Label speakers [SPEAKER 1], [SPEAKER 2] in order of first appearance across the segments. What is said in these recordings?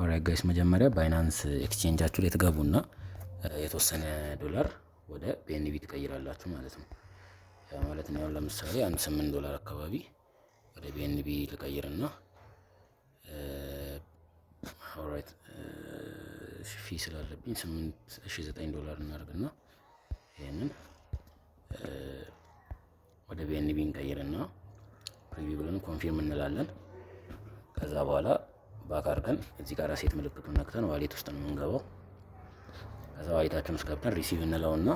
[SPEAKER 1] ኦራይት ጋይስ መጀመሪያ ባይናንስ ኤክስቼንጃችሁ ላይ ትገቡና የተወሰነ ዶላር ወደ ቢኤንቢ ትቀይራላችሁ ማለት ነው። ያ ማለት ነው ለምሳሌ አንድ ስምንት ዶላር አካባቢ ወደ ቢኤንቢ ልቀይርና ኦራይት ፊ ስላለብኝ ስምንት ዘጠኝ ዶላር እናደርግና ይህንን ወደ ቢኤንቢ እንቀይርና ፕሪቪው ብለን ኮንፊርም እንላለን። ከዛ በኋላ ባክ አድርገን እዚህ ጋር ሴት ምልክቱን ነክተን ዋሌት ውስጥ ነው የምንገባው። ከዛ ዋሌታችን ውስጥ ገብተን ሪሲቭ እንለውና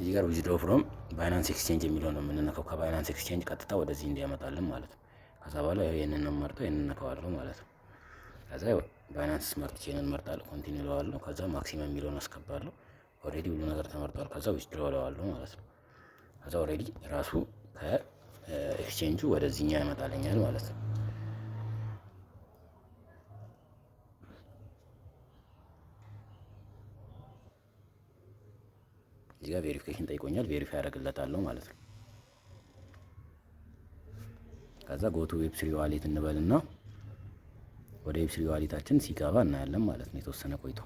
[SPEAKER 1] እዚህ ጋር ዊዝድሮ ፍሮም ባይናንስ ኤክስቼንጅ የሚለው ነው የምንነካው። ከባይናንስ ኤክስቼንጅ ቀጥታ ወደዚህ እንዲያመጣልን ማለት ነው። ከዛ በኋላ ይህንን ነው መርጠው ይህንን ነካዋለሁ ማለት ነው። ከዛ ባይናንስ ስማርት ቼንን መርጣለሁ። ኮንቲኒ ለዋለሁ። ከዛ ማክሲመም የሚለውን አስገባለሁ። ኦልሬዲ ሁሉ ነገር ተመርጧል። ከዛ ዊዝድሮ ለዋለሁ ማለት ነው። ከዛ ኦልሬዲ ራሱ ከኤክስቼንጁ ወደዚህኛ ያመጣለኛል ማለት ነው። እዚህ ጋር ቬሪፊኬሽን ጠይቆኛል። ቬሪፋይ ያደርግለታለሁ ማለት ነው። ከዛ ጎቱ ዌብ ዌብስሪ ዋሌት እንበልና ወደ ዌብ ዌብስሪ ዋሌታችን ሲገባ እናያለን ማለት ነው። የተወሰነ ቆይቶ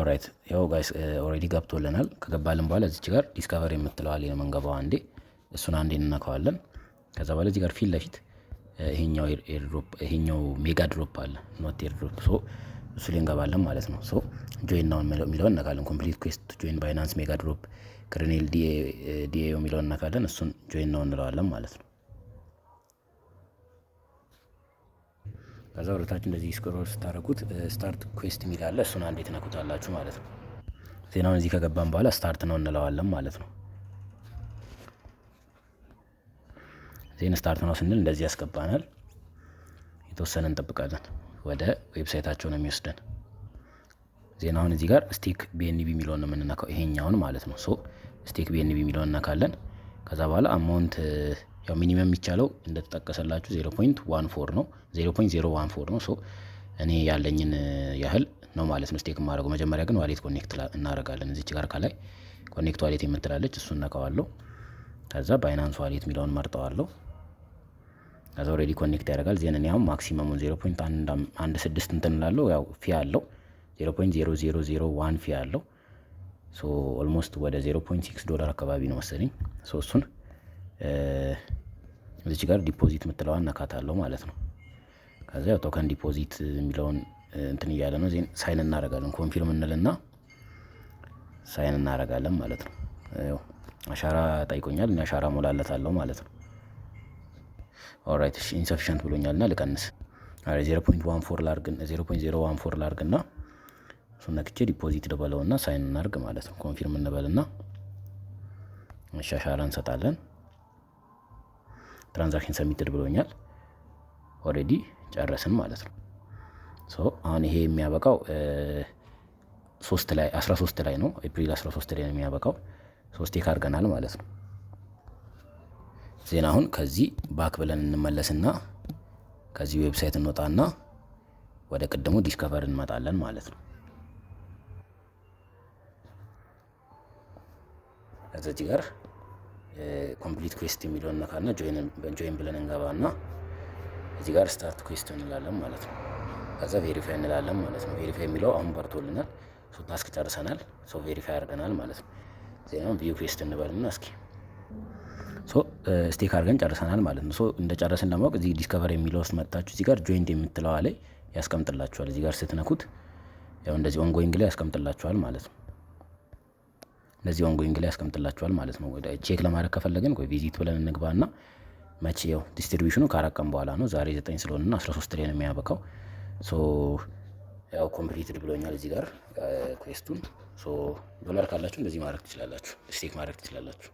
[SPEAKER 1] ኦራይት ያው ጋይስ ኦልሬዲ uh, ገብቶልናል። ከገባልን በኋላ እዚች ጋር ዲስከቨር የምትለዋል የመንገባው አንዴ እሱን አንዴ እንነካዋለን። ከዛ በኋላ እዚህ ጋር ፊት ለፊት uh, ይሄኛው ሜጋ ድሮፕ አለ ኖት ኤርድሮፕ ሶ እሱ ላይ እንገባለን ማለት ነው። ሶ ጆይን ናውን የሚለው እነካለን። ኮምፕሊት ኩዌስት ጆይን ባይናንስ ሜጋ ድሮፕ ክርኔል ዲኤ የሚለውን እነካለን። እሱን ጆይን ናውን እንለዋለን ማለት ነው። ከዛ ወደታች እንደዚህ ስክሮል ስታደረጉት ስታርት ኩዌስት የሚል አለ። እሱን አንዴ ትነኩታላችሁ ማለት ነው። ዜናውን እዚህ ከገባን በኋላ ስታርት ነው እንለዋለን ማለት ነው። ዜና ስታርት ነው ስንል እንደዚህ ያስገባናል። የተወሰነ እንጠብቃለን። ወደ ዌብሳይታቸው ነው የሚወስደን። ዜናውን እዚህ ጋር ስቴክ ቢኤንቢ የሚለውን ነው የምንነካው፣ ይሄኛውን ማለት ነው። ሶ ስቴክ ቢኤንቢ የሚለውን እነካለን። ከዛ በኋላ አማውንት ያው ሚኒመም የሚቻለው እንደተጠቀሰላችሁ 0.14 ነው 0.014 ነው። ሶ እኔ ያለኝን ያህል ነው ማለት ነው ስቴክ የማደርገው። መጀመሪያ ግን ዋሌት ኮኔክት እናደርጋለን። እዚች ጋር ከላይ ኮኔክት ዋሌት የምትላለች እሱን ነካዋለሁ። ከዛ ባይናንስ ዋሌት የሚለውን መርጠዋለሁ። ከዛ ኦልሬዲ ኮኔክት ያደርጋል። ዜን ያው ማክሲመሙን 0.16 ስድስት እንትን ላለው ያው ፊ አለው 0.0001 ፊ አለው። ሶ ኦልሞስት ወደ 0.6 ሲክስ ዶላር አካባቢ ነው መሰለኝ። ሶ እሱን እዚች ጋር ዲፖዚት የምትለዋ ነካት አለው ማለት ነው። ከዚ ያው ቶከን ዲፖዚት የሚለውን እንትን እያለ ነው። ዜን ሳይን እናደርጋለን። ኮንፊርም እንልና ሳይን እናደርጋለን ማለት ነው። አሻራ ጠይቆኛል። እኔ አሻራ አለው ማለት ነው። ኦራይት እሺ ኢንሰፊሽንት ብሎኛል እና ልቀንስ። ዜሮ ፎር ላርግ ዜሮ ፖይንት እና እሱን ነክቼ ዲፖዚት ልበለው እና ሳይን እናርግ ማለት ነው። ኮንፊርም እንበል እና መሻሻላ እንሰጣለን። ትራንዛክሽን ሰሚትድ ብሎኛል። ኦልሬዲ ጨረስን ማለት ነው። ሶ አሁን ይሄ የሚያበቃው ሶስት ላይ አስራ ሶስት ላይ ነው። ኤፕሪል አስራ ሶስት ላይ ነው የሚያበቃው። ሶስቴ ካርገናል ማለት ነው። ዜና አሁን ከዚህ ባክ ብለን እንመለስና ከዚህ ዌብሳይት እንወጣና ወደ ቅድሙ ዲስከቨር እንመጣለን ማለት ነው። ከዚህ ጋር ኮምፕሊት ኩዌስት የሚለውን ነካና ጆይን ብለን እንገባና እዚህ ጋር ስታርት ኩዌስት እንላለን ማለት ነው። ከዛ ቬሪፋይ እንላለን ማለት ነው። ቬሪፋይ የሚለው አሁን በርቶልናል። ሶ ታስክ ጨርሰናል። ሶ ቬሪፋይ አድርገናል ማለት ነው። ዜናውን ቪው ኩዌስት እንበልና እስኪ ስቴክ አድርገን ጨርሰናል ማለት ነው። እንደ ጨረስን ለማወቅ እዚህ ዲስከቨር የሚለው ውስጥ መጥታችሁ እዚህ ጋር ጆይንት የምትለዋ ላይ ያስቀምጥላችኋል። እዚህ ጋር ስትነኩት ያው እንደዚህ ኦንጎይንግ ላይ ያስቀምጥላችኋል ማለት ነው። እንደዚህ ኦንጎይንግ ላይ ያስቀምጥላችኋል ማለት ነው። ቼክ ለማድረግ ከፈለግን ቆይ ቪዚት ብለን እንግባና መቼ ያው ዲስትሪቢሽኑ ከአራት ቀን በኋላ ነው። ዛሬ ዘጠኝ ስለሆነና 13 ላይ ነው የሚያበቃው። ሶ ያው ኮምፕሊትድ ብሎኛል እዚህ ጋር ኩዌስቱን። ሶ ዶላር ካላችሁ እንደዚህ ማድረግ ትችላላችሁ፣ ስቴክ ማድረግ ትችላላችሁ።